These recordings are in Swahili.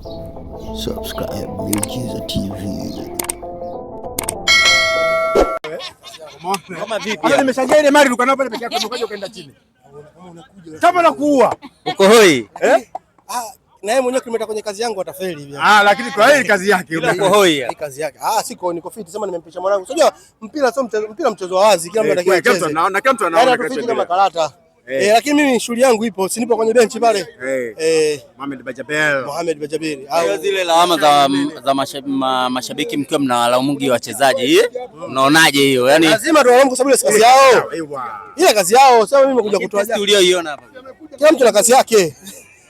Subscribe Miujiza TV. Kama na Uko hoi? Eh? Ah, naye mwenyewe kimeta kwenye kazi yangu atafeli hivi. Ah, lakini kwa hii kazi yake uko hoi. Hii kazi yake. Ah, siko niko fit, sema nimempisha mwanangu. Unajua mpira sio mpira mchezo wa wazi, kila mtu eh, anataka kucheza. Naona kila mtu anaona yaani Kama karata hey. Eh. eh, lakini mimi shughuli yangu ipo, si nipo kwenye benchi pale hey. Eh. eh, Mohamed Bajabel, Mohamed Bajabel au zile lawama za, za mashabiki mkiwa mnawalaumu wachezaji, unaonaje hiyo? Yaani lazima tuwalaumu kwa sababu ya kazi yao, ile kazi yao. Sasa mimi nimekuja kutoa, ulioiona hapa, kila mtu na kazi yake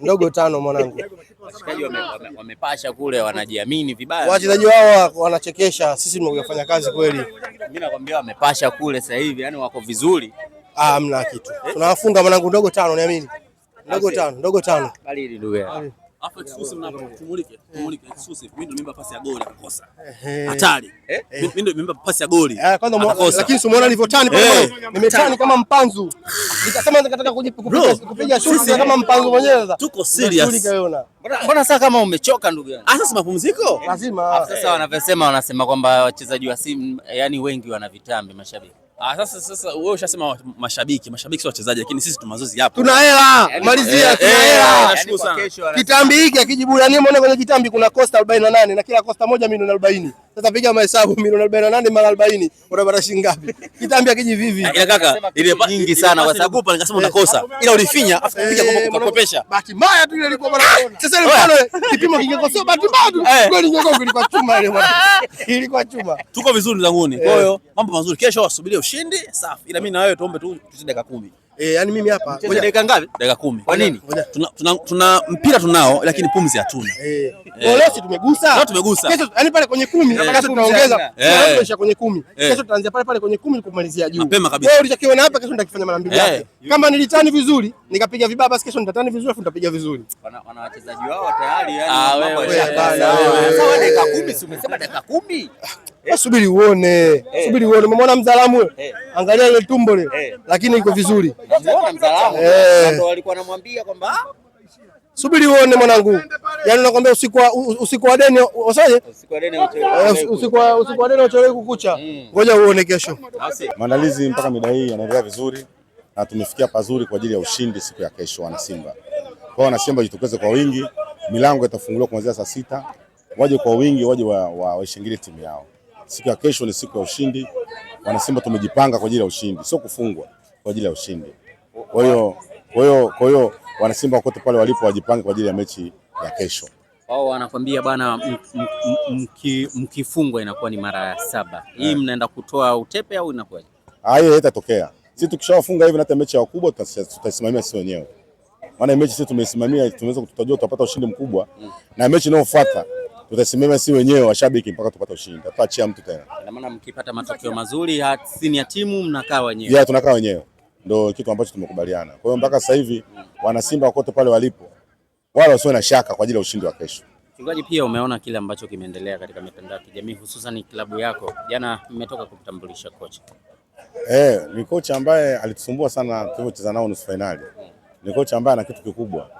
ndogo tano mwanangu. Wachezaji wamepasha kule, wanajiamini vibaya. Wachezaji wao wanachekesha, sisi tumekuja kazi kweli. Mimi nakwambia wamepasha kule sasa hivi, yani wako vizuri. Ah, mna kitu tunawafunga mwanangu, ndogo tano, niamini, ndogo tano, ndogo tano. Bali ndugu yangu afa exclusive na tumulike, tumulike exclusive. Mimi ndo nimempa pasi ya goli akakosa. Eh, eh. Hatari. Mimi eh? ndo nimempa pasi ya goli. Ah, kwanza lakini umeona nilivyotani pale. Nimetani kama mpanzu. Nikasema nataka kupiga shuti kama mpanzu mwenyewe sasa. Tuko serious. Mbona sasa kama umechoka ndugu yangu? Ah, sasa mapumziko? Lazima. Sasa wanavyosema wanasema kwamba wachezaji wa simu yani wengi wana vitambi mashabiki. Ah, sasa sasa wewe ushasema mashabiki, mashabiki sio wachezaji, lakini sisi tumazoezi hapa. Tuna hela, eh, malizia tuna eh, hela. Eh, nashukuru sana. Kitambi hiki akijibu, yani umeona kwenye kitambi kuna kosta 48 na kila kosta moja milioni 40. Sasa piga mahesabu milioni 48 mara 40 utapata shilingi ngapi? Kitambi akiji vivi. Ila kaka ile nyingi sana kwa sababu pa nikasema eh. unakosa. Ila ulifinya afu kupiga eh, kwa kukopesha. Bahati mbaya tu ile ilikuwa bwana. Eh. Sasa ile pale kipimo kingekosea bahati mbaya tu. Goli nyoko ilikuwa chuma ile bwana. Ilikuwa chuma. Tuko vizuri zanguni. Kwa hiyo mambo mazuri. Kesho wasubirie ushindi safi. Ila mimi na wewe tuombe tu tusinde dakika 10. Eh, yani mimi hapa ngoja dakika ngapi? Dakika kumi. Kwa nini? Tuna, tuna, tuna mpira tunao lakini pumzi hatuna. Eh. Golesi eh. tumegusa. Leo tumegusa. Kesho yani pale kwenye 10 na eh. kesho eh. tunaongeza. Leo tunaisha kwenye 10. Kesho tutaanzia pale pale kwenye 10 kumalizia juu. Mapema kabisa. Wewe ulichokiwa na hapa kesho nitakifanya mara mbili yake. Kama nilitani vizuri, nikapiga vibaya basi kesho nitatani vizuri afu nitapiga vizuri. Wana wachezaji wao tayari yani ah, mambo yashakaza. Wewe ah, dakika 10 si umesema dakika 10? Eh, subiri uone, eh. subiri uone. Umeona mzalamu wewe? Eh. Angalia ile tumbo lile, lakini iko vizuri. Ah. Subiri uone mwanangu, yaani nakwambia, usiku wa deni wasaje? Usiku wa deni uchelewe kukucha. Hmm. Ngoja uone kesho. Maandalizi mpaka mida hii yanaendelea vizuri na tumefikia pazuri kwa ajili ya ushindi siku ya kesho. Wana Simba kwao, wana Simba jitokeze kwa wingi, milango itafunguliwa kuanzia saa sita. Waje kwa wingi, waje waishangilie wa timu yao. Siku ya kesho ni siku ya ushindi. Wanasimba tumejipanga kwa ajili ya ushindi, sio kufungwa, kwa ajili ya ushindi. Kwa hiyo kwa hiyo kwa hiyo wanasimba wakote pale walipo wajipange kwa ajili ya mechi ya kesho. Wao wanakwambia bana, mkifungwa inakuwa ni mara ya saba hii yeah. Mnaenda kutoa utepe au inakuwaje? Ah, hiyo haitatokea. Sisi tukishawafunga hivi, hata mechi ya wakubwa tutaisimamia sisi wenyewe, maana mechi sisi tumeisimamia, tunaweza kututajua tutapata ushindi mkubwa mm. na mechi inayofuata tutasimama si wenyewe washabiki mpaka tupate ushindi. Tutachia mtu tena. Na maana mkipata matokeo mazuri chini ya timu mnakaa wenyewe. Yeah, tunakaa wenyewe. Ndio kitu ambacho tumekubaliana. Kwa hiyo mpaka sasa hivi wana Simba wakote pale walipo. Wala wasiwe na shaka kwa ajili ya ushindi wa kesho. Mchungaji, pia umeona kile ambacho kimeendelea katika mitandao ya kijamii hususan klabu yako. Jana mmetoka kumtambulisha kocha. Eh, ni kocha ambaye alitusumbua sana tulipocheza nao nusu finali. Ni kocha ambaye ana kitu kikubwa.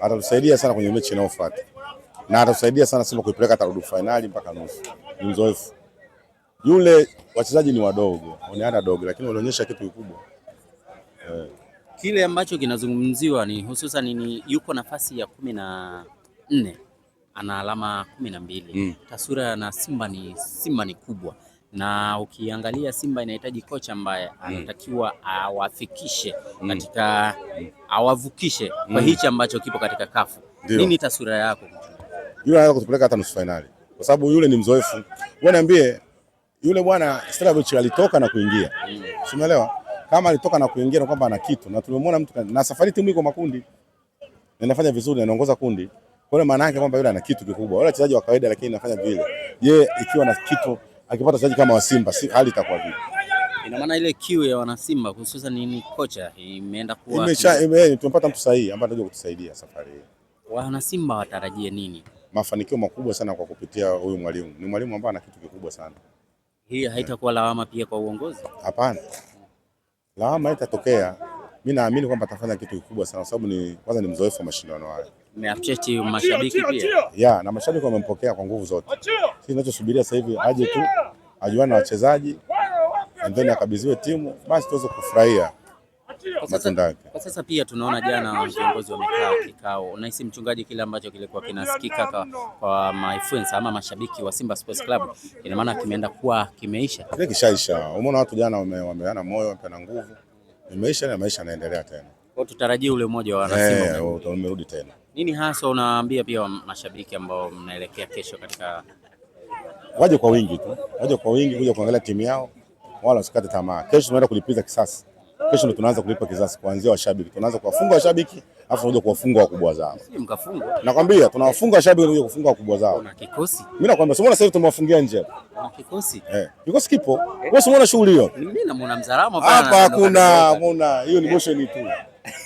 Atatusaidia sana kwenye mechi inayofuata na atatusaidia sana Simba kuipeleka hata robo finali mpaka nusu. Ni mzoefu yule, wachezaji ni wadogo, wanaenda dogo, lakini walionyesha kitu kikubwa eh. Kile ambacho kinazungumziwa ni hususan ni yuko nafasi ya kumi na nne ana alama kumi na mbili mm. Taswira na Simba ni Simba ni kubwa, na ukiangalia Simba inahitaji kocha ambaye mm. anatakiwa awafikishe mm. katika mm. awavukishe mm. kwa hichi ambacho kipo katika kafu. Nini taswira yako? yule anaweza kutupeleka hata nusu finali, kwa sababu yule ni mzoefu. Wewe niambie, yule bwana Stravich alitoka na kuingia, umeelewa? Kama alitoka na kuingia na kwamba ana kitu, na tumemwona mtu na safari, timu iko makundi na inafanya vizuri na inaongoza kundi, kwa hiyo maana yake kwamba yule ana kitu kikubwa. Wale wachezaji wa kawaida, lakini anafanya vile. Je, ikiwa na kitu akipata wachezaji kama wa Simba, si hali itakuwa vipi? Ina maana ile kiu ya wana Simba hususan ni ni kocha imeenda kuwa imesha, eh, tumepata mtu sahihi ambaye anaweza kutusaidia safari hii. Wana Simba watarajie nini? mafanikio makubwa sana kwa kupitia huyu mwalimu. Ni mwalimu ambaye ana kitu kikubwa sana. Hii haitakuwa lawama pia kwa uongozi? Hapana, lawama haitatokea. Mimi naamini kwamba atafanya kitu kikubwa sana, kwa sababu ni kwanza ni mzoefu wa mashindano haya. Umeappreciate mashabiki pia? Yeah, na mashabiki wamempokea kwa nguvu zote. Sisi tunachosubiria sasa hivi aje tu ajuane na wachezaji and then akabidhiwe timu basi tuweze kufurahia sasa, kwa sasa pia tunaona jana viongozi wamekaa kikao. Unahisi mchungaji, kile ambacho kilikuwa kinasikika kwa, kwa mainfluencer ama mashabiki wa Simba Sports Club, ina maana kimeenda kuwa kimeisha? Kile kishaisha. Umeona watu jana wameana moyo, wamepeana nguvu, imeisha na maisha yanaendelea tena. Kwa tutarajie ule mmoja wa Simba eh, umerudi tena. Nini hasa unaambia pia mashabiki ambao mnaelekea kesho katika waje kwa wingi tu, waje kwa wingi kuja kuangalia timu yao, wala usikate tamaa. Kesho tunaenda kulipiza kisasi kesho ndo tunaanza kulipa kisasi, kuanzia washabiki. Tunaanza kuwafunga washabiki afu kuja kuwafunga wakubwa zao. Si Mkafunga. Nakwambia tunawafunga washabiki kuja kufunga wakubwa zao. Kuna kikosi. Mimi nakwambia sio, mbona sasa tumewafungia nje. Kuna kikosi. Eh. Kikosi kipo. Wewe sio unaona shughuli hiyo? Mimi na namuona mzalama hapa. Hapa hakuna, hakuna. Hiyo ni eh. motion tu.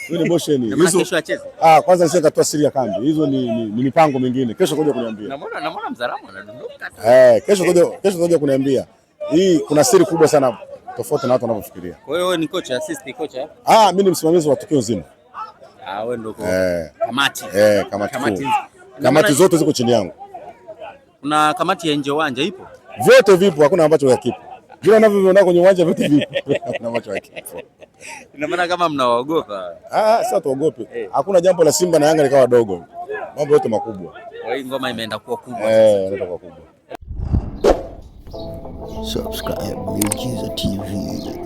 Hiyo ni motion. Hizo kesho acheze. Ah, kwanza nisije katoa siri ya kambi. Hizo ni ni mipango mingine. Kesho kuja kuniambia. Namuona namuona mzalama anadondoka. Eh, kesho kuja kesho kuja kuniambia. Hii kuna siri kubwa sana tofauti na watu wanavyofikiria. Kwa hiyo wewe ni kocha, assist kocha? Ah, mimi ni msimamizi wa tukio nzima. Ah, wewe ndio eh, kamati. Eh, kamati. Kamati. Kamati zote ziko chini yangu. Kuna kamati ya nje uwanja ipo? Vyote vipo, hakuna ambacho hakipo. Vile unavyoviona kwenye uwanja vyote vipo. Hakuna ambacho hakipo. Ina maana kama mnaogopa. Ah, sio tuogope. Eh. Hakuna jambo la Simba na Yanga likawa dogo. Mambo yote makubwa. Kwa hiyo ngoma imeenda kuwa kubwa. Eh, inaenda kuwa kubwa. subscribe Reaches TV.